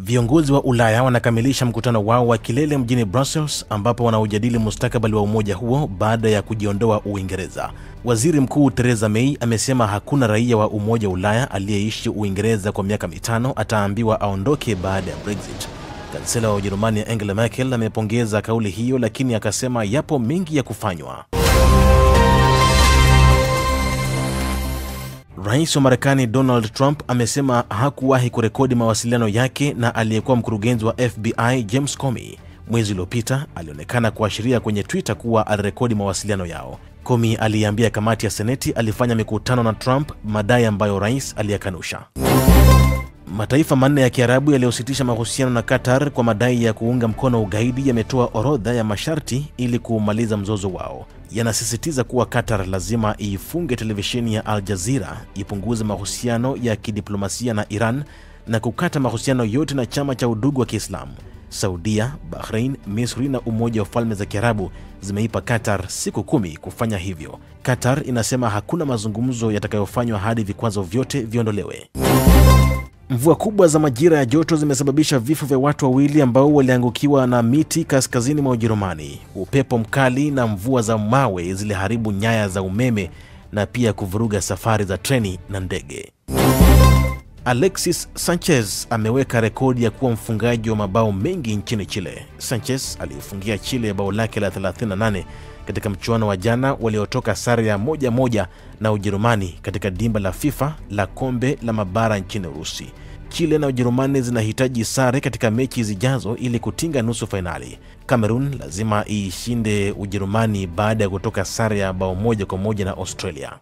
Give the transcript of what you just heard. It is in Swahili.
Viongozi wa Ulaya wanakamilisha mkutano wao wa kilele mjini Brussels ambapo wanaojadili mustakabali wa umoja huo baada ya kujiondoa Uingereza. Waziri Mkuu Theresa May amesema hakuna raia wa Umoja wa Ulaya aliyeishi Uingereza kwa miaka mitano ataambiwa aondoke baada ya Brexit. Kansela wa Ujerumani Angela Merkel amepongeza kauli hiyo, lakini akasema yapo mengi ya kufanywa. Rais wa Marekani Donald Trump amesema hakuwahi kurekodi mawasiliano yake na aliyekuwa mkurugenzi wa FBI James Comey. Mwezi uliopita alionekana kuashiria kwenye Twitter kuwa alirekodi mawasiliano yao. Comey aliambia kamati ya Seneti alifanya mikutano na Trump, madai ambayo rais aliyakanusha. Mataifa manne ya Kiarabu yaliyositisha mahusiano na Qatar kwa madai ya kuunga mkono ugaidi yametoa orodha ya masharti ili kuumaliza mzozo wao. Yanasisitiza kuwa Qatar lazima iifunge televisheni ya Al Jazeera, ipunguze mahusiano ya kidiplomasia na Iran na kukata mahusiano yote na chama cha udugu wa Kiislamu. Saudia, Bahrain, Misri na Umoja wa Falme za Kiarabu zimeipa Qatar siku kumi kufanya hivyo. Qatar inasema hakuna mazungumzo yatakayofanywa hadi vikwazo vyote viondolewe. Mvua kubwa za majira ya joto zimesababisha vifo vya watu wawili ambao waliangukiwa na miti kaskazini mwa Ujerumani. Upepo mkali na mvua za mawe ziliharibu nyaya za umeme na pia kuvuruga safari za treni na ndege. Alexis Sanchez ameweka rekodi ya kuwa mfungaji wa mabao mengi nchini Chile. Sanchez aliyefungia Chile bao lake la 38 katika mchuano wa jana waliotoka sare ya moja moja na Ujerumani katika dimba la FIFA la kombe la mabara nchini Urusi. Chile na Ujerumani zinahitaji sare katika mechi zijazo ili kutinga nusu fainali. cameron lazima iishinde Ujerumani baada ya kutoka sare ya bao moja kwa moja na Australia.